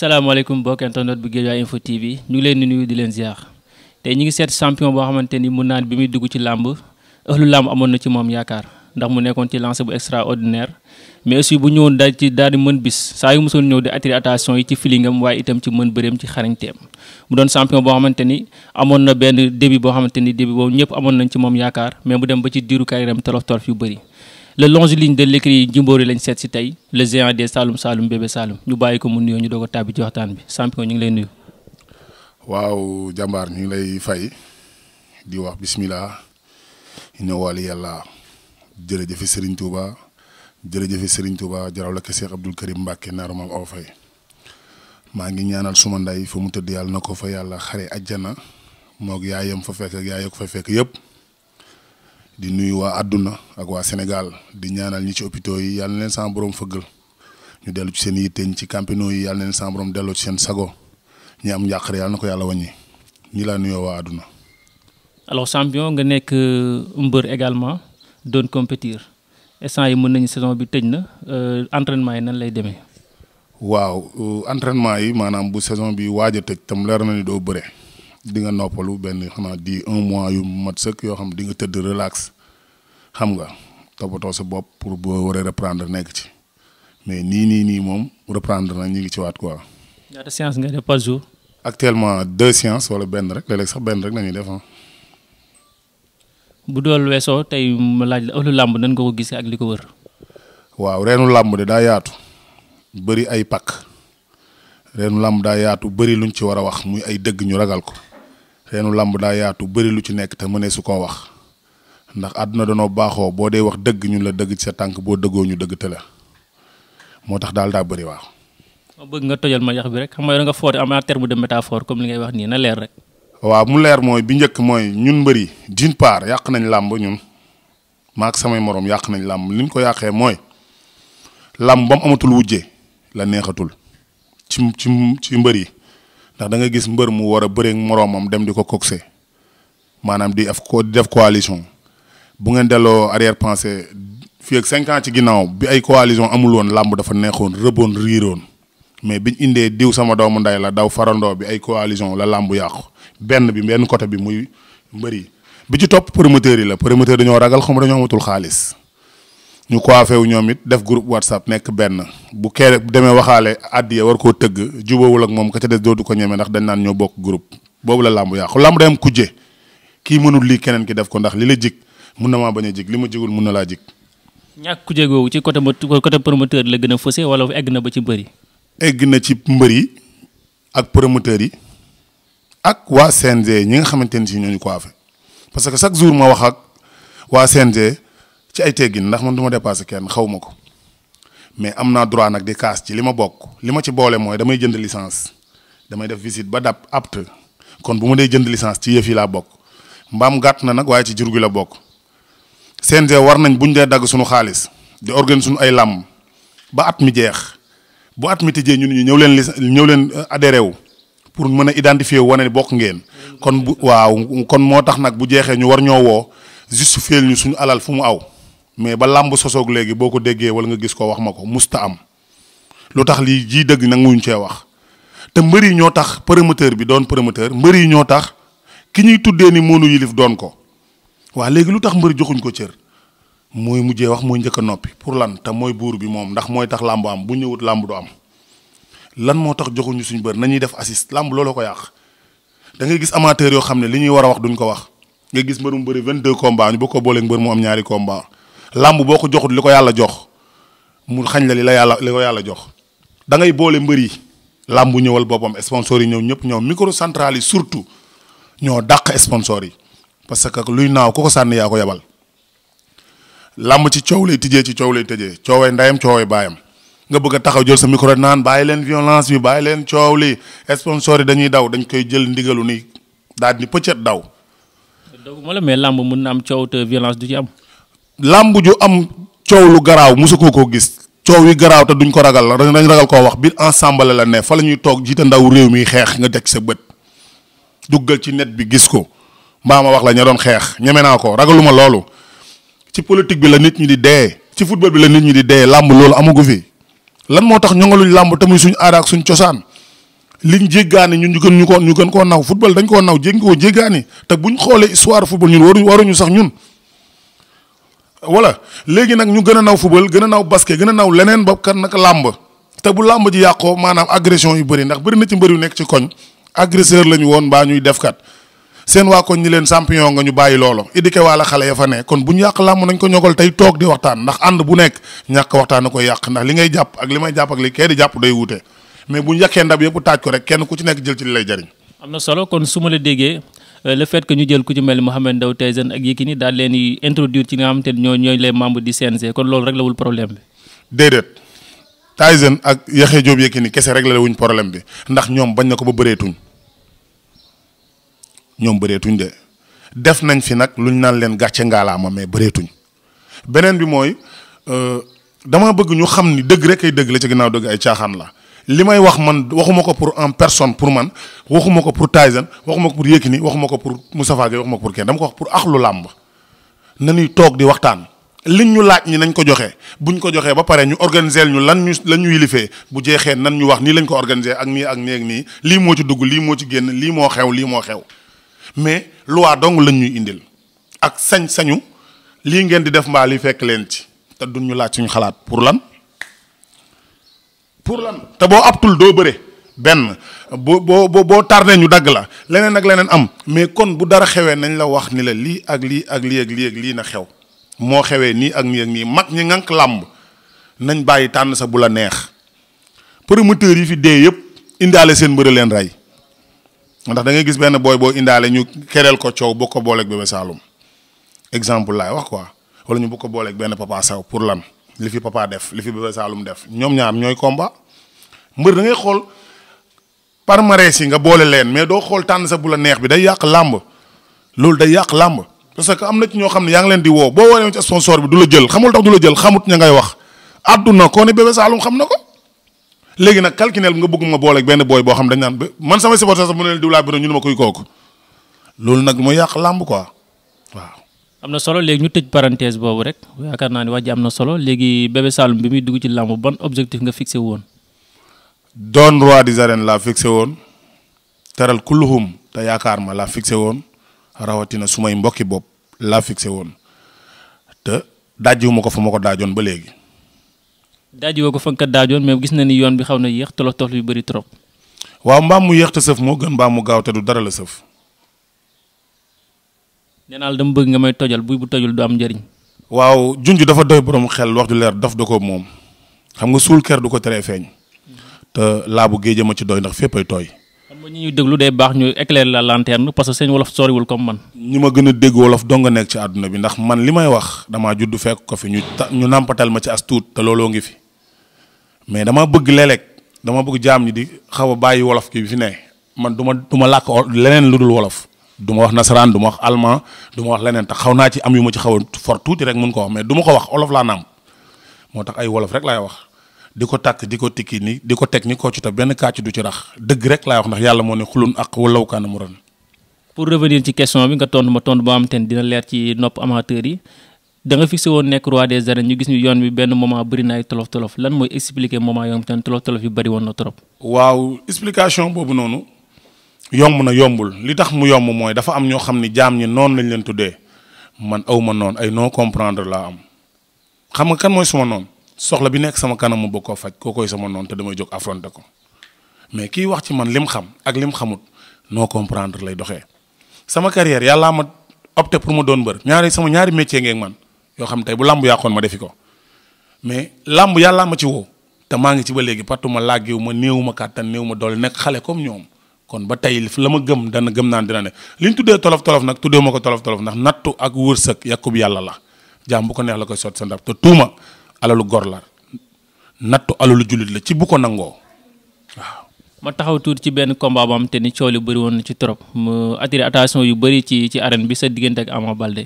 Assalamualaikum mbokk internet bu Guédiawaye Info TV ñu leen ni nuyu di leen ziar tey ñi ngi seet champion bo xamanteni mu naan bi mi dugg ci lamb ehlu lamb amon na ci mom yaakar ndax mu nekkon ci bu extraordinaire mais aussi bu ñewon daal ci daal di mën bis sa yu mosoon ñew di attirer attention yi ci filingam way itam ci mën bëreem ci xarañteem mu doon champion bo xamanteni amon na ben début bo xamanteni ni début boobu ñëpp amoon nañ ci mom yaakar mais mu dem ba ci diru kayram torof torof yu le longiligne de l'écrit Djimbory lañ seet si tey le géant des Saloum Saloum bébé Saloum ñu bàyyi ko mu nuyoo ñu doog a tàbbi ci waxtaan bi champion ñu ngi lay nuyu. waaw jàmbaar ñu ngi lay fay di wax bismillah ñëwal yàlla jërëjëf Serigne Touba jërëjëf Serigne Touba jaraw la Cheikh Abdoul Karim mbakke naaru maam aw fay maa ngi ñaanal suma nday fa mu tëdd yàlla na ko fa yàlla xare ajjana moog yaayam fa fekk ak yaay ko fa fekk yëpp. di nuyu waa àdduna ak waa Sénégal di ñaanal ñi ci hôpitaux yi yàlla na leen sama ñu dellu ci seen yitte ñi ci campino yi yàlla na leen sama borom delloo ci seen sago ñi am njàqare yàlla na ko yàlla wàññi ñi laa nuyoo waa adduna alors sampion nga nekk euh, mbër également doon compétir instant yi mën nañu saison bi tëj na euh, entraînement yi nan lay demee. waaw euh, entraînement yi maanaam bu saison bi waaj a tëj tam leer na ni doo bëre. di nga noppalu benn xanaa di un mois yu mat sëkk yoo xam di nga tëdd relax xam nga toppatoo sa bopp pour bo waree reprendre nekk ci mais nii nii nii moom reprendre na ñu ngi ci waat quoi. ñaata séance ngay def par jour. actuellement deux séances wala benn rek léeg-léeg sax benn rek la ñuy def ah. bu dool weesoo tey ma laaj la ëllu lamb nan nga ko gisee ak li ko wër. waaw reenu lamb de daa yaatu bëri ay pakk reenu lamb daa yaatu bëri luñ ci war a wax muy ay dëgg ñu ragal ko. seenu làmb daa yaatu bëri lu ci nekk te mënee su koo wax ndax àdduna danoo baaxoo boo dee wax dëgg ñun la dëgg ci sa tànk boo dëggoo ñu dëgg te la moo tax daal daa bëri waaw. ma bëgg nga tojal ma yax bi rek xam nga nga foote am en terme de métaphore comme li ngay wax nii na leer rek. waaw mu leer mooy bi njëkk mooy ñun mbëri d'une part yàq nañ làmb ñun maak samay moroom yàq nañ làmb li ko yàqee mooy làmb bam mu amatul wujje la neexatul ci ci ci mbër yi ndax da nga gis mbër mu war a bëreeg moroomam dem di ko coxé maanaam di af ko di def coalition bu ngeen delloo arrière pensée fii ak cinq ci ginnaaw bi ay coalition amul woon làmb dafa neexoon rëboon riiroon mais bi ñu indee diw sama doomu nday la daw farandoo bi ay coalition la làmb yàqu benn bi benn côté bi muy mbër yi bi ci topp promoteurs yi la promoteurs ñoo ragal xam dañoo amatul xaalis ñu coiffé wu ñoom it def groupe whatsapp nekk benn bu kee bu demee waxaale àddiya war koo tëgg jubawul ak moom ka ca des dootu ko ñeme ndax dañ naan ñoo bokk groupe boobu la làmb yàqu làmb day am kujje kii mënul lii keneen ki def ko ndax li la jig mun na maa bañ a jig li ma jigul mun na laa jig. ñàkk kujje googu ci côté côté promoteur la gën a fësee wala egg na ba ci mbër yi. egg na ci mbër yi ak promoteurs yi ak waa CNG ñi nga xamante ne si ñooñu coiffé parce que chaque jour ma wax ak waa CNG. ci ay teggin ndax man du ma dépassé kenn xaw ma ko mais am naa droit nag di kaas ci li ma bokk li ma ci boole mooy damay jënd licence damay def visite ba dab apt kon bu ma dee jënd licence ci yëf yi laa bokk mbaam gàtt na nag waaye ci jur gi la bokk CNG war nañ buñ dee dagg suñu xaalis di organiser suñu ay làmm ba at mi jeex bu at mi tijjee ñun ñu ñëw leen li ñëw leen euh, adhéré wu pour mën a identifier wane bokk ngeen kon bu waaw kon moo tax nag bu jeexee ñu war ñoo woo justifier ñu suñu alal fu mu aw mais ba lamb sosok léegi boko ko wala nga gis ko wax mako musta am lutax li ji deug nak muñ ci wax te mbeuri yi promoteur bi doon promoteur mbeuri yi tax ki ñuy tuddé ni moonu yilif doon ko wa legi lutax mbeur joxuñ ko cër moy mujjé wax moy ñëk nopi pour lan ta moy bour bi mom ndax moy tax lamb am bu ñëwut lamb du am lan mo tax joxuñu suñ bër nañuy def assist lamb lolo ko yaax da ngay gis amateur yo xamné ne li ñuy wara wax duñ ko wax nga gis mbeurum mbeuri 22 combat ñu bu ko bolé mbeur mu am ñaari combat lamb boo ko joxut li ko yàlla jox mu xañ la li la yàlla li ko yàlla jox da ngay boole mbër yi lamb ñëwal boppam sponsor yi ñëw ñëpp ñoom microcentrale yi surtout ñoo dàq sponsor yi parce que luy naaw ku ko sànni ko yabal lamb ci coow lay tijjee ci coow lay tëjee coowee ndayam coowee baayam nga bëgg taxaw jël sa micro naan bàyyi leen violence bi bàyyi leen coow li sponsor yi dañuy daw dañ koy jël ndigalu ni daal di pëccet daw. mais lamb mën na am te violence du ci am. làmb ju am coow lu garaaw mosukoo koo gis coow wi garaaw te duñ ko ragal dañ ragal koo wax biir ensemble la ne fa la ñuy toog jiite ndaw réew mi xeex nga teg sa bët duggal ci net bi gis ko mbaa ma wax la ña doon xeex ñeme naa ko ragaluma loolu ci politique bi la nit ñi di dee ci football bi la nit ñi di dee làmb loolu amagu fi lan moo tax ñongaluñ làmb te muy suñ aada ak suñ cosaan liñ jéggaani ñun ñu gën ñu ko ñu gën koo naw football dañ koo naw jéggi koo jéggaani te buñ xoolee histoire football ñun waruñ waruñu sax ñun voilà léegi nag ñu gën a naw football gën a naw basket gën a naw leneen ba kan naka làmb te bu làmb ji yàqoo maanaam agression yu bëri ndax bëri na ci mbër yu nekk ci koñ agresseur la ñu woon baa ñuy def kat seen waa koñ ñi leen champion nga ñu bàyyi loolu éduqué waa la xale ya fa ne kon bu ñu yàq làmb nañ ko ñogal tey toog di waxtaan ndax ànd bu nekk ñàkk waxtaan na koy yàq ndax li ngay jàpp ak li may jàpp ak li kee di jàpp day wute mais bu ñu yàqee ndab yëpp taaj ko rek kenn ku ci nekk jël ci li lay jariñ am na solo kon su ma la déggee euh, le fait que ñu jël ku ci mel Mouhamed Ndao Tyson ak Yékini daal leen di introduire ci nga xam te ñoo ñooy les membres du CNG kon loolu réglewul problème bi. déedéet Tyson ak Yaxya Joob Yékini kese réglé wuñ problème bi ndax ñoom bañ na ko ba bëreetuñ ñoom bëreetuñ de def nañ fi nag lu ñu naan leen gàcce ngaalaama mais bëreetuñ beneen bi mooy euh, dama bëgg ñu xam ni dëgg rek ay dëgg la ci ginnaaw dëgg ay caaxaan la. li may wax man waxuma ko pour en personne pour man waxuma ko pour Tyson waxuma ko pour Yékini waxuma ko pour Moustapha Gueye waxuma ko pour kenn dama ko wax pour axlu làmb nañuy toog di waxtaan li ñu laaj ñi nañ ko joxe buñ ko joxee ba pare ñu organiser ñu lan ñu lan ñu yilifee bu jeexee nan ñu wax nii lañ ko organiser ak nii ak nii ak nii lii moo ci dugg lii moo ci génn lii moo xew lii moo xew mais loi dong lañ ñuy indil ak sañ-sañu lii ngeen di def mbaa li fekk leen ci te duñ ñu laaj suñu xalaat pour lan. pour lan te boo aptul doo bëre benn boo boo boo tardé ñu dagg la leneen ak leneen am mais kon bu dara xewee nañ la wax ni la lii ak lii ak lii ak lii ak lii na xew moo xewee nii ak nii ak nii mag ñi ngànk làmb nañ bàyyi tànn sa bu la neex promoteurs yi fi dee yëpp indiaale seen mbëra leen rey ndax da ngay gis benn booy boo indaale ñu kereel ko coow boo ko booleeg Bébé Saloum exemple laay wax quoi wala ñu boo ko booleeg benn Papa Sow pour lan li fi Papa def li fi Bébé Saloum def ñoom ñaar ñooy mbeur da ngay xol marais yi nga boole leen mais doo xol tànn sa bu la neex bi day yàq lamb loolu day yàq lamb parce que am na ci ñoo xam ne yaa ngi leen di woo boo woo ci sponsor bi du la jël xamul tax du la jël xamut ña ngay wax àdduna ko ne bébé saalum xam na ko léegi nag nga nga booleeg benn booy boo xam dañ naan man sama supporter sax mu ne leen diw laa ñu ne ma koy kooku loolu nag mooy yàq lamb quoi waaw solo léegi ñu tëj parenthèse boobu rek yaakaar naa ni wax ji am na solo léegi bébé Saloum bi muy dugg ci làmb ban objectif nga fixé woon doon roi des arènes laa fixé woon teral kulluhum te yaakaar ma laa fixé woon rawatina su may mbokki bopp laa fixé woon te dajjiwuma ko fa ma ko daajoon ba léegi. dajjiwoo ko fa nga ko daajoon mais gis na ni yoon bi xaw na yéex tolof tolof yu bari trop. waaw mbaam mu yéex te sëf moo gën mbaam mu gaaw te du dara la sëf. nee naa la dama bëgg nga may tojal bu bu tojul du am njëriñ. waaw junj dafa doy borom xel wax du leer daf da ko moom xam nga suul ker du ko teree feeñ. te laabu géej ma ci doy ndax fépp tooy. xam nga ñi ñuy déglu day baax ñu éclaire la lanterne parce que seen wolof soriwul comme man. ñi ma gën a dégg wolof dong nga nekk ci àdduna bi ndax man li may wax damaa judd fekk ko fi ñu ñu nàmpatal ma ci as tuut te looloo ngi fi mais dama bëgg léeg dama bëgg jaam ñi di xaw a bàyyi wolof ki bi fi ne man du ma du ma làkk leneen lu dul wolof. du ma wax nasaraan du ma wax allemand du ma wax leneen tax xaw naa ci am yu ma ci xaw a tuuti rek mun ko wax mais du ma ko wax wolof moo tax ay wolof rek laay wax. di ko tàkk di ko tikki ni di ko ni koo ci ta benn kàcc du ci rax dëgg rek laay wax ndax yàlla moo ne xulun ak walaw kaana mu ran pour revenir ci question bi nga tontu ma tontu boo am ten dina leer ci nopp amateur yi da nga fixé woon nekk roi des arènes ñu gis ñu yoon bi benn moment bëri na tolof tolof lan mooy expliquer moment yoo xam tolof tolof yu bëri woon na trop. waaw explication yomb na yombul li tax mu yomb dafa am ñoo xam ni jaam ñi noonu lañ leen man aw non, noonu ay non comprendre laa am xam nga kan mooy suma non soxla bi nek sama kanam mu bëgg kokoi faj sama non te dama jog affronter ko mais ki wax ci man lim xam ak lim xamut no comprendre lay doxé sama carrière yalla ma opté pour mu Nyari beur ñaari sama ñaari métier ngeen man yo xam tay bu ya yàqoon ma defiko mais lamb yalla ma ci wo te ma ngi ci ba léegi patuma ma ma newuma comme ñom kon ba tay la ma gëm dana gëm nan dina ne liñ tuddé tolof tolof nak tuddé mako tolof tolof nak nattu ak wursak yakub yalla la jam bu ko neex la koy sot sa te tuuma alalu gor la nattu alalu jullit la ci bu ko nangoo waaw. ma taxaw tuuti ci benn combat boo te ni coow li bëri woon na ci trop mu attiré attention yu bëri ci ci arène bi sa diggante ak Ama Baldé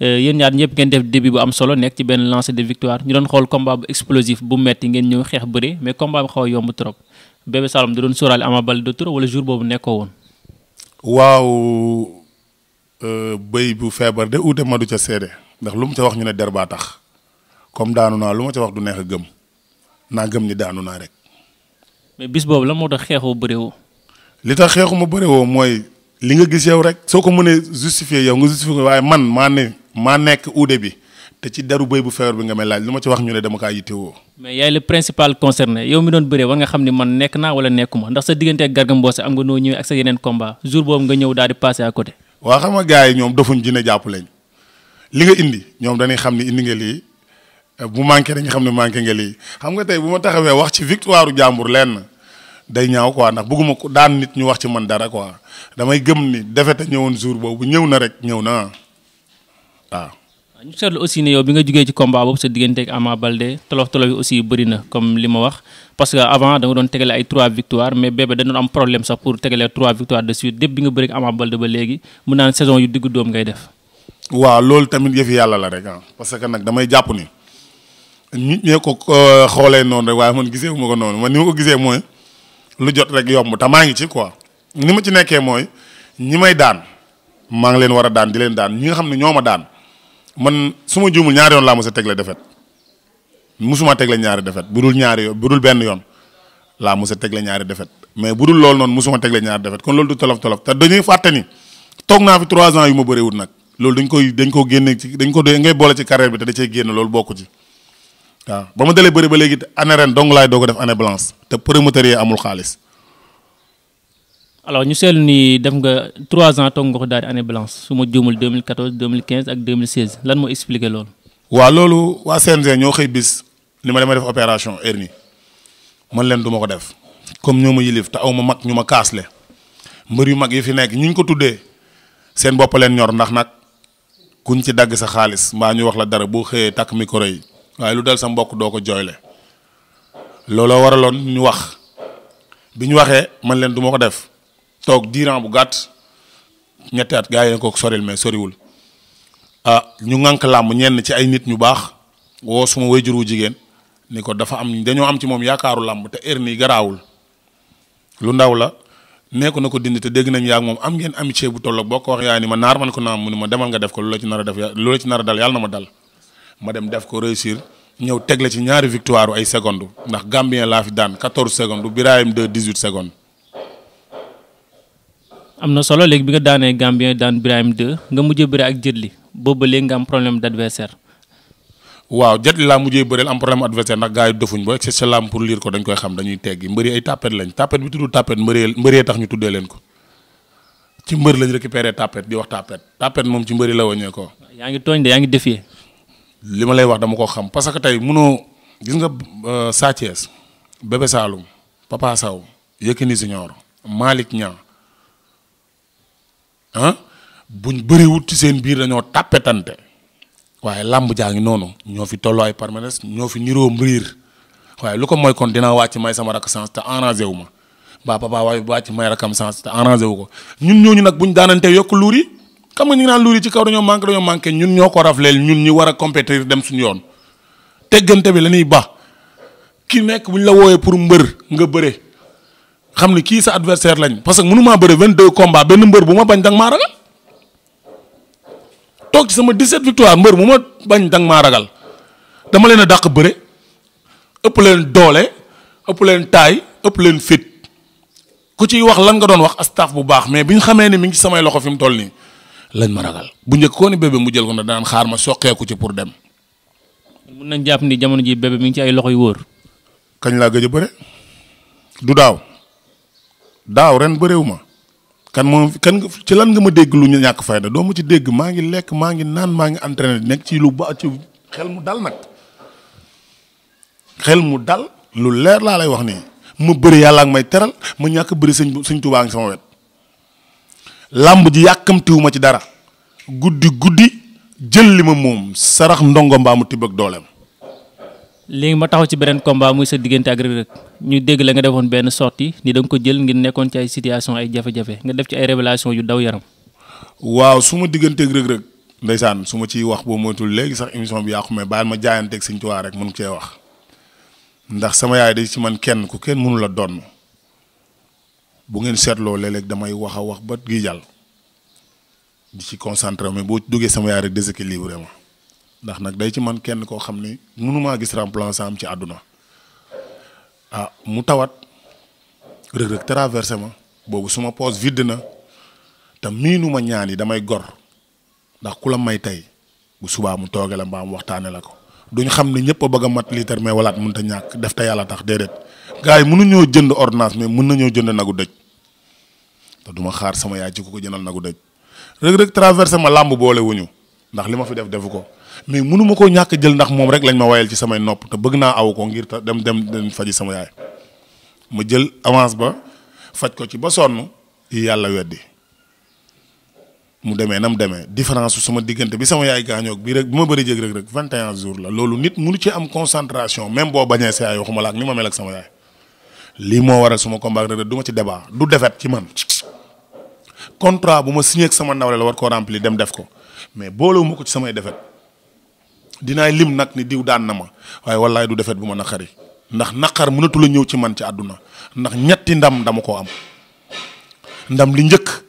euh, yéen ñaar ñëpp ngeen def début bu am solo nekk ci benn lancer de victoire ñu doon xool combat bu explosif bu metti ngeen ñëw xeex bëri mais combat bi a yomb trop Bébé Saloum da doon sóoraale Ama Baldé de trop wala jour boobu nekkoo woon. waaw euh, bëy bu feebar de uute ma du ca ndax lu mu ca wax ñu ne der baa tax comme daanu naa lu ma ca wax du neex a gëm naa gëm ni daanu naa rek. mais bis boobu la moo tax xeexoo bëriwoo. li tax xeexu ma bëriwoo mooy li nga gis yow rek soo ko mënee justifier yow nga justifier waaye man maa ne maa nekk uude bi te ci daru bëy bu feebar bi nga may lu ma ci wax ñu ne dama kaa yittewoo. mais yaay le principal concerné yow mi doon bëree war nga xam ni man nekk naa wala nekkuma ndax sa diggante ak Garga am nga noo ñëwee ak sa yeneen combat jour boobu nga ñëw daal di passé à côté. waa xam nga gars yi ñoom dofuñ dina jàpp lañ li nga indi ñoom dañuy xam ni indi nga lii bu manqué dañu xam ne manqué nga lii xam nga tey bu ma taxawee wax ci victoire jàmbur lenn day ñaaw quoi ndax bëgguma ko daan nit ñu wax ci man dara quoi damay gëm ni defete ñëwoon jour boobu ñëw na rek ñëw na waaw. ñu seetlu aussi ne yow bi nga jógee ci combat boobu sa diggante ak Ama Balde tolof tolof aussi bëri na comme li ma wax parce que avant da nga doon tegale ay trois victoires mais bébé da doon am problème sax pour tegale trois victoires de suite dépp bi nga bëri ak Ama Balde ba léegi mu naan saison yu diggu doom ngay def. waaw loolu tamit la rek ah. parce que damay ni nit ñee ko euh, xoolee noonu rek waaye man gisee wu ma ko noonu man ni ma ko gisee mooy lu jot rek yomb te maa ngi ci quoi ni ma ci nekkee mooy ñi may daan maa ngi leen war a daan di leen daan ñi nga xam ne ñoo ma daan man su ma juumul ñaari yoon laa mos a tegle defet musuma tegle ñaari defet bu dul ñaari yoon bu dul benn yoon laa mos a tegle ñaari defet mais bu dul loolu noonu musuma tegle ñaari defet kon loolu du tolof tolof te dañuy fàtte ni toog naa fi trois ans yu ma bëreewut nag loolu dañ koy dañ ko génne ci dañ ko ngay boole ci carrière bi te da cee génn loolu bokku ci waaw ba ma dalee bëri ba léegi année ren dong laay ko a def année blanche te promoteur yi amul xaalis. alors ñu seetlu nii def nga trois ans toog nga ko daal di année blanche su ma juumul 2014 2015 ak 2016 lan moo expliqué loolu. waa loolu waa CNG ñoo xëy bis li ma dema def opération hernie man leen duma ko def comme ñoo ma yilif te aw ma mag ñu ma kaasle mbër yu mag yi fi nekk ñu ñu ko tuddee seen bopp leen ñor ndax nag kuñ ci dagg sa xaalis mbaa ñu wax la dara boo xëyee takk micro yi. waaye lu dal sa mbokk doo ko jooyle looloo waraloon ñu wax bi ñu waxee man leen du ma ko def toog diiran bu gàtt ñetti at gars yi ne ko soril mais soriwul ah ñu ŋànk làmb ñenn ci ay nit ñu baax woo suma jigéen ni ko dafa am dañoo am ci moom yaakaaru làmb te heure nii garaawul lu ndaw la nekku na ko dindi te dégg nañ yaa moom am ngeen amitié bu tolloog boo ko wax ni ma naar man ko naam mu ni ma demal nga def ko lu la ci nar a def ci nar a dal yàlla na ma dal ma dem def ko réussir ñëw teg la ci ñaari victoire ay secondes ndax Gambien laa fi daan 14 secondes Birahim 2 18 secondes. am na solo léegi bi nga daanee Gambien daan Birahim de nga mujjee bëri ak Jëtli boobu ba léegi nga am problème d'adversaire. waaw Jëtli laa mujjee bëreel am problème adversaire ndax gars yi dofuñ ba excès salaam pour lire ko dañ koy xam dañuy teggi mbëri ay tapet lañ tapet bi tudd tapet mbëree mbëree tax ñu tuddee leen mbër lañ récupéré tapet di wax tapet tapet moom ci mbëri la wàññee ko. yaa ngi tooñ yaa ngi défier. li ma lay wax dama ko xam parce que tey munoo gis nga euh, Sa Thiès Bébé Saloum Papa Sow malik ñaa Malick Niang ah buñ bëriwut ci seen biir dañoo tàppetante waaye làmb jaa ngi noonu ñoo fi tollu ay permanence ñoo fi ñuroo mbir waaye lu ko mooy kon dina wàcc may sama rakk sens te arrangé wu ma mbaa papa waaye wàcc may rakkam sens te arrangé wu ko ñun ñooñu nag buñ daanante yokk luur xam nga ñu ngi naan luur ci kaw dañoo manqué dañoo manqué ñun ñoo ko rafleel ñun ñi wara compétir dem suñu yoon teggante bi lañuy ba ki nekk buñ la woyé pour mbeur nga bëre xam ne kii sa adversaire lañ parce que mënuma bëre 22 combat ben mbeur buma bañ dang maa ragal toog ci sama 17 victoire mbeur buma bañ dang maa ragal dama leena a dàq ëpp leen doolé ëpp leen tay ëpp leen fit ku ci wax lan nga doon wax staff bu baax mais biñ xamé ni mi ngi samay loxo fim toll ni lañ ma ragal bu njëkk koo ni bébé mu jël ko na daan xaar ma soqeeku ci pour dem. mun nañ jàpp ni jamono ji bébé mi ngi ci ay loxo yu wóor. kañ laa gëj a bëre du daaw daaw ren bëreewu ma kan moom kan ci lan nga ma dégg lu ñu ñàkk fayda doo ma ci dégg maa ngi lekk maa ngi naan maa ngi entraîné nekk ci lu ba ci xel mu dal nag xel mu dal lu leer laa lay wax nii ma bëri yàlla ak may teral ma ñàkk bëri sëñ sëñ Tuubaa ngi sama wet lamb ji ma ci dara gudi-gudi jël li ma moom sarax ndongo mbamu tibak dolem li léegi ma taxaw ci benen combat muy sa diggante ak rek ñu dégg la nga defoon benn sorti ni da nga ko jël ngir nekkoon ci ay situation ay jafe-jafe nga def ci ay révélation yu daw yaram. waaw su ma digganteeg rek rek ndeysaan su ma wax bo motul légui sax émission bi yàqu mais baal ma ak seigne touba rek mun ci wax ndax sama yaay day ci man kenn ku kenn mënu la doon. bu ngeen seetloo léeg damay wax a wax ba gi jàll di ci concentré mais boo duggee sama yaay rek déséquilibré ma ndax nag day ci man kenn koo xam ni mënumaa gis remplaçant am ci àdduna ah mu tawat Reug Reug traversé ma boobu suma poche vide na te miinu ma ñaan yi damay gor ndax ku la may tey bu subaa mu tooge la mbaam waxtaanee la ko du ñu xam ne ñëpp a bëgg a mat litre mais walaat mënut a ñàkk def te yàlla tax déedéet gars yi mënuñoo jënd ordonnance mais mën nañoo jënd nagu dëj te du xaar sama yaay ci ku ko jëndal nagu dëj Reug Reug traversé ma làmb boole wuñu ndax li ma fi def defu ko mais mënu ma koo ñàkk jël ndax moom rek lañ ma wayal ci samay nopp te bëgg naa aw ko ngir te dem dem dem faji sama yaay ma jël avance ba faj ko ci ba sonn yàlla weddi mu demee na mu demee différence suma sama diggante bi sama yaay gaañoog bi rek bi ma bëri jég rek rek vingt et un jours la loolu nit mënu ci am concentration même boo bañee sa yaay waxuma la lii moo war a suma combat rek du ma ci débat du defet ci man contrat bu ma signé sama nawle la war koo remplir dem def ko mais boolewuma ko ci samay defet dinaay lim nag ni diw daan na ma waaye wallaay du defet bu ma naqari ndax naqar mënatu la ñëw ci man ci àdduna ndax ñetti ndam dama koo am ndam li njëkk.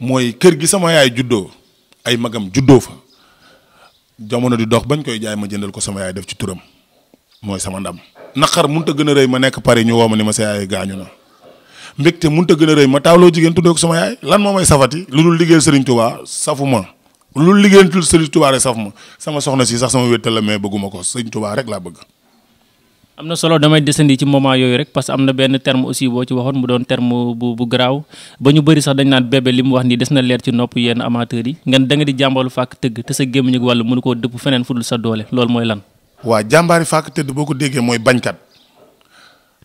mooy kër gi sama yaay juddoo ay magam juddoo fa jamono di dox bañ koy jaay ma jëndal ko sama yaay def ci turam mooy sama ndam naqar ta gën a rëy ma nekk Paris ñu woo ma ni ma sa yaay gaañu na mun munta gën a rëy ma taaloo jigéen tuddee ko sama yaay lan moo may safati lu dul liggéeyal Serigne Touba safu ma lu dul liggéeyal Serigne Touba rek saf ma sama soxna si sax sama wéttal mais bëgguma ko Serigne Touba rek laa bëgg am na solo damay desandi ci moment yooyu rek parce que am na benn terme aussi boo ci waxoon mu doon terme bu garaaw ba ñu bëri sax dañ naan bébé li mu wax nii des na leer ci nopp yenn amateurs yi ngeen da nga di jàmbalu fàkk tëgg te sa gémmiñ ak wàllu mënu koo dëpp feneen fudul sa doole loolu mooy waa jàmbaari fàkk tëdd boo ko mooy bañkat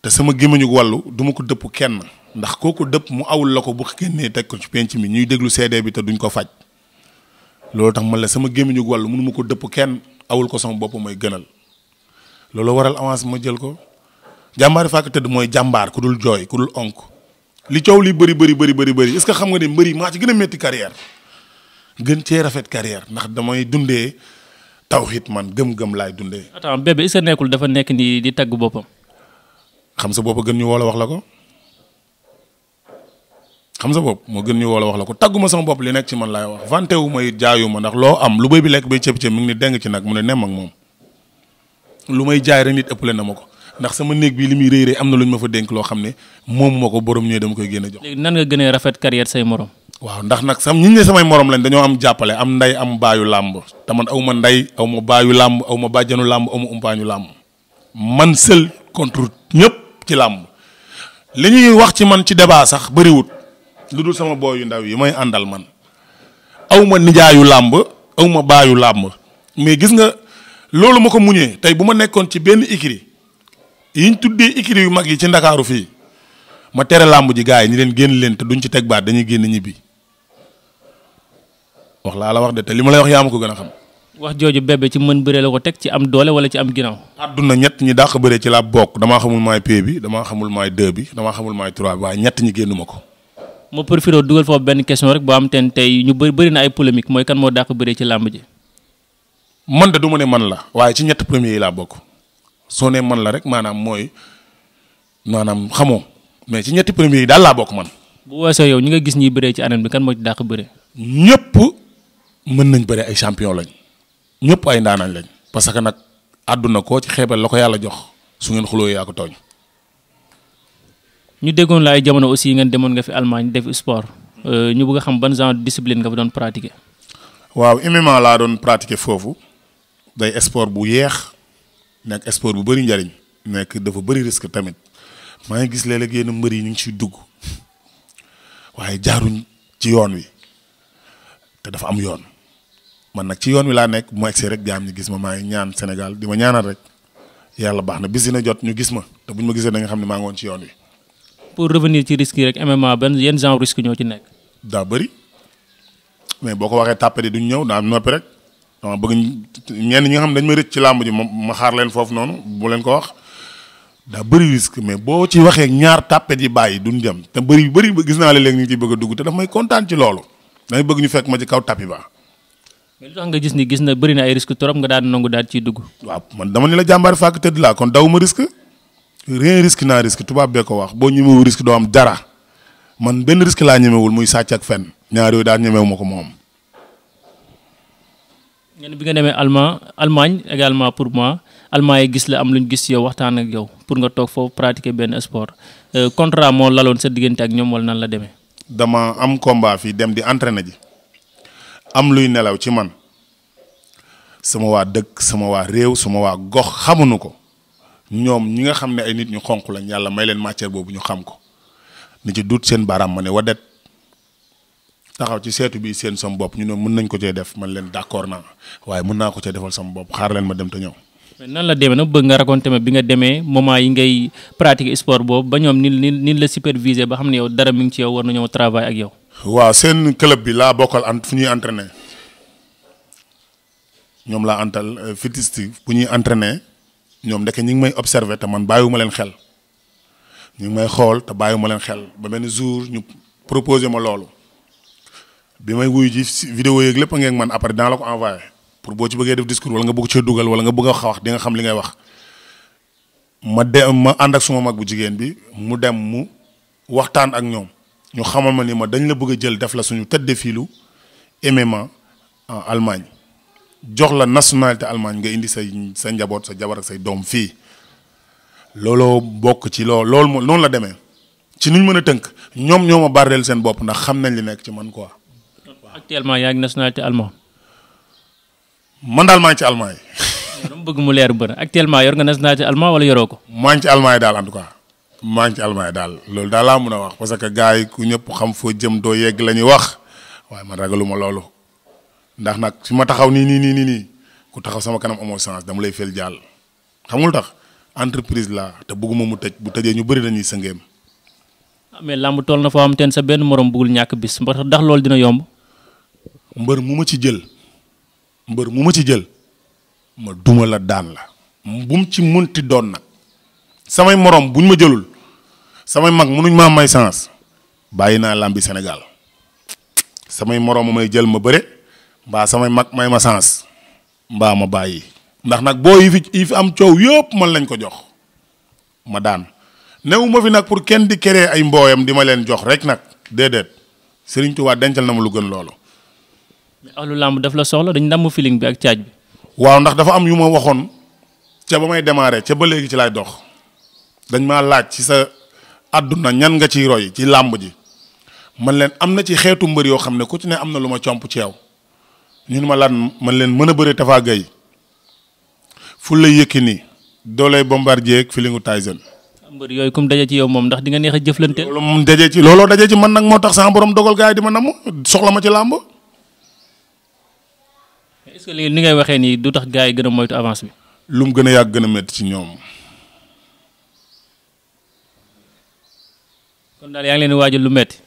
te sama gémmiñu wàllu du ma ko dëpp kenn ndax kooku dëpp mu awul la ko bu génnee teg ko ci penc mi ñuy déglu CD bi te duñ ko faj loolu tax man la sama gémmiñu wàllu mënu ma ko dëpp kenn awul ko sama bopp mooy gënal loolu waral avance ma jël ko jàmbaari fàkk tëdd mooy jàmbaar ku dul jooy ku dul onk li coow lii bëri bëri bari bari bari est ce que xam nga ne mbëri maa ci gën a métti carrière gën cee rafet carrière ndax damay dundee taw tawhid man gëm-gëm laay dundee. attends bébé est ce nekkul dafa nekk nii di tagg boppam. xam sa bopp gën ñu woo wax la ko xam sa bopp moo gën ñu woo la wax la ko tagguma sama bopp li nekk ci man laay wax vanté wu ma it ndax loo am lu bëy bi lekk bay cëb cëb mi ngi ni deng ci nag mu ne nemm ak moom. lu may jaay ren it ëppale na ma ko ndax sama néeg bi li muy rëy rëy am na lu ñu ma fa dénk loo xam ne moom moo ko borom ñëwee dama koy génn jox. léegi nan nga gënee rafet carrière say morom. waaw ndax nag sam ñi ne samay morom lañ dañoo am jàppale am nday am baayu làmb te man aw ma nday aw ma baayu làmb aw ma bàjjanu làmb aw ma umpaañu làmb man seul contre ñëpp ci làmb li ñuy wax ci man ci débat sax bëriwut lu sama booy yu ndaw yi may àndal man aw nijaayu làmb aw ma baayu làmb mais gis nga. loolu ma ko mu muñee tey bu ma nekkoon ci benn écurie yiñ tuddee écurie yu mag yi ci ndakaaru fii ma tere làmb ji gaa yi ñu leen génn leen te duñ ci teg baat dañuy génn ñibbi wax laa la wax de te li ma lay wax yaa ma ko gën a xam. wax jooju bébé ci mën bëree la ko teg ci am doole wala ci am ginnaaw. àdduna ñett ñi dàq bëree ci laa bokk damaa xamul maay P bi damaa xamul maay 2 bi damaa xamul maay 3 bi waaye ñett ñi génn ko. ma profité dugal foofu benn question rek boo am teen tey ñu bëri bëri na ay polémique mooy kan moo dàq bëree ci làmb ji. man da duma ne man la waye ci ñett premier yi la bok so ne man la rek manam moy, manam xamo mais ci ñetti premier yi dal la bok man. bu wesso yow ñi nga gis ñi bëree ci anane bi kan mo ci dakk bëre. ñepp mën nañ bëre ay champion lañ ñepp ay ndaanaan lañ parce que nak aduna ko ci xébal la ko Sungin jox su ngeen xulo ya ko togn ñu déggon la ay jamono aussi ngeen demoon nga fi Allemagne def sport euh, ñu bëgg xam ban genre discipline nga fa doon pratiquer. waaw MMA la doon pratiquer foofu. day sport bu yeex nekk sport bu bari njariñ nekk dafa bari risque tamit maa ngi gis léeg-léeg yenn mbër yi ñu ngi ciy dugg waaye jaaruñ ci yoon wi te dafa am yoon man nag ci yoon wi laa nekk bu ma egsee rek jaam ñi gis ma maa ngi ñaan Sénégal di ma ñaanal rek yàlla baax na bis dina jot ñu gis ma te buñ ma gisee da nga xam ne maa ngi woon ci yoon wi. pour revenir ci risque yi rek MMA benn yenn genre risque ñoo ci nekk. daa bëri mais boo ko waxee tàppale duñ ñëw daa noppi rek. dama bëgg ñenn ñi nga xam dañ ma rëcc ci làmb ji ma xaar leen foofu noonu bu leen ko wax daa bëri risque mais boo ci waxee ñaar tàppet yi bàyyi duñ jëm te bëri bëri gis naa la léegi ñu ngi ciy bëgg a dugg te daf may kontaan ci loolu damay bëgg ñu fekk ma ci kaw tapi ba mais lu tax nga gis ni gis na bëri na ay risque trop nga daan nangu daal ciy dugg waaw man dama ni la jàmbaar fàkk tëdd laa kon daw ma risque rien risque naa risque tubaab bee ko wax boo ñemewu risque doo am dara man benn risque laa ñemewul muy sàcc ak fenn ñaar yooyu daal ñemewu ko moom nga bi nga demee Allemagne Allemagne également pour moi Allemagne yi gis la am lu ñu gis yow waxtaan ak yow pour nga toog foofu pratiquer benn sport euh, contrat moo laloon sa diggante ak ñoom wala nan la demee. dama am combat fii dem di na ji am luy nelaw ci man sama waa dëkk sama waa réew sama waa gox xamuñu ko ñoom ñi nga xam ne ay nit ñu xonq lañ yàlla may leen matière boobu ñu xam ko ni ci duut seen baaraam ma ne wadet taxaw ci seetu bi seen sam bop ñu ne mën nañ ko ci def man leen d'accord na waye mën na ko ci defal sam bop xaar leen ma dem ta ñew nan la démé na bëgg nga raconté ma bi nga démé moment yi ngay pratiquer sport bop ba ñom ni ni la superviser ba xamni yow dara mi ngi ci yow war na travail ak yow wa seen club bi la bokal ant fu ñuy entraîner ñom la antal euh, fitisti bu ñuy entraîner ñom nek ñi ngi may observer te man bayuma leen xel ñi ngi may xol te bayuma leen xel ba ben jour ñu proposer ma lolu bi may video ji vidéo yeeg lépp ngeen man après dinaa la ko envoyé pour bo ci bëggee def discours wala nga bëgg cee dugal wala nga bëgg a wax di nga xam li ngay wax ma dem ma ànd ak suma mag bu jigéen bi mu dem mu waxtaan ak ñoom ñu xamal ma ni ma dañ la bëgg a jël def la suñu tête de filu MMA en Allemagne jox la nationalité Allemagne nga indi say sa njaboot sa jabar ak say doom fi lolo bok ci lolo loolu non la demee ci nuñ mën a tënk ñoom ñoo ma bardeel ndax xam nañ li nekk ci man quoi actuellement yaa ngi nationalité allemand. man daal maa ngi ci allemand yi. dama bëgg mu leer bër actuellement ya, yor nga nationalité allemand wala yoroo ko. maa ngi ci allemand ya yi daal en tout cas. maa ngi ci allemand yi ya daal loolu daal laa mun a wax parce que gars yi ku ñëpp xam foo jëm doo yegg la ñuy wax waaye man ragaluma loolu ndax nag fi ma taxaw nii nii nii nii nii ku taxaw sama kanam amoo sens dama lay fel jàll xamul tax entreprise la te bëgguma mu tëj bu tëjee ñu bëri dañuy sëngeem. Ah, mais lamb toll na foo am teen sa benn morom bugul ñàkk bis ndax loolu dina yomb. mbër mu ma ci jël mbër mu ma ci jël ma duma la daan la bu ci munti doon nag samay morom buñ ma jëlul samay mag mënuñ maa may sens bàyyi naa làmbi Sénégal samay morom may jël ma bëre mbaa samay mag may ma sens mbaa ma bàyyi ndax nag boo yi fi yi fi am coow yëpp mën lañ ko jox ma daan newu ma fi nag pour kenn di créer ay mbooyam di ma leen jox rek nag déedéet Serigne Touba dencal na ma lu gën loolu alu ahlu làmb daf la soxla feeling bi ak caaj bi. waaw ndax dafa am yu ma waxoon ca ba may démarrer ca ba léegi ci laay dox dañ maa laaj ci sa àdduna ñan nga ciy roy am na ci xeetu mbër yoo xam ne ku ci ne am na lu ma comp ci yow ma lan man leen mën a bëre Tapha Gueye fu lay yëkki nii dooley bombardier ak feelingu Tyson. mbër yooyu comme daje ci yow moom ndax di nga neex a jëflante. loolu man nag moo tax borom dogal gars di ma namm soxla ma ci est li ngay waxee nii du tax gars yi gën a moytu avance bi. lu mu gën a yàgg gën a ci ñoom. kon daal yaa ngi leen di waajal lu metti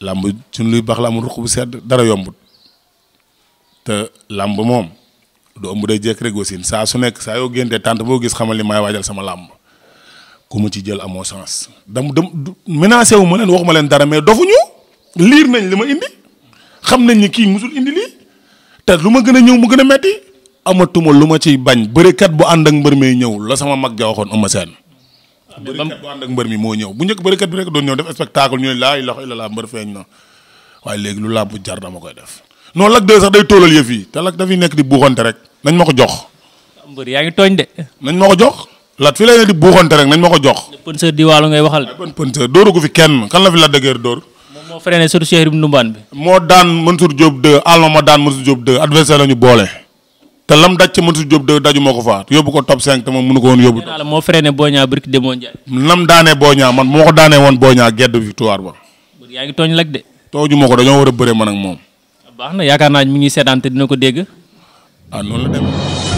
làmb suñ luy baax la amul ruq bu sedd dara yomb te làmb moom du ëmb day jekk rek aussi saa su nekk saa yoo géntee tànt boo gis xamal li maay waajal sama làmb ku ma ci jël amoo sens. dam dem menacé wu ma leen waxuma leen dara mais dofuñu liir nañ li ma indi xam nañ ni kii musul indi lii té luma gëna ñëw mu gëna metti amatuma luma ci bañ bañ kat bu and ak mbër mi ñëw la sama mag ja waxon waxoon sen seen kat bu and ak mbër mi mo ñëw bu njëkk bërikat bi rek doon ñëw def spectacle ñu la ilaha illallah mbër feñ na way légui lu la bu jar dama koy def non lak de sax day tolal yëf yi té lak dafay nekk di buuxante rek nañ mako jox mbër yaangi togn tooñ de nañ mako jox lat fi lay ne di buuxante rek nañ mako jox pënseur di walu ngay waxal pënseur dooru ko fi kenn kan la fi la dëgër dooru moo freiné surtout Cheikh Ibrahim Ndumbaan bi. moo daan Mansour Diop 2 Alma moo daan Mansour Diop 2 adversaire la boole. te lam daj ci Mansour Diop 2 daju moo ko faat yóbbu ko top 5 te moom mënu ko woon yóbbu. nee moo freiné Boña Birk Demba Ndiaye. nam daanee Boña man moo ko daanee woon Boña gedd victoire ba. yaa ngi tooñ lag de. tooñu ma ko dañoo war a bëre man ak moom. baax na yaakaar naa mi ngi seetaan te dina ko dégg. ah noonu la dem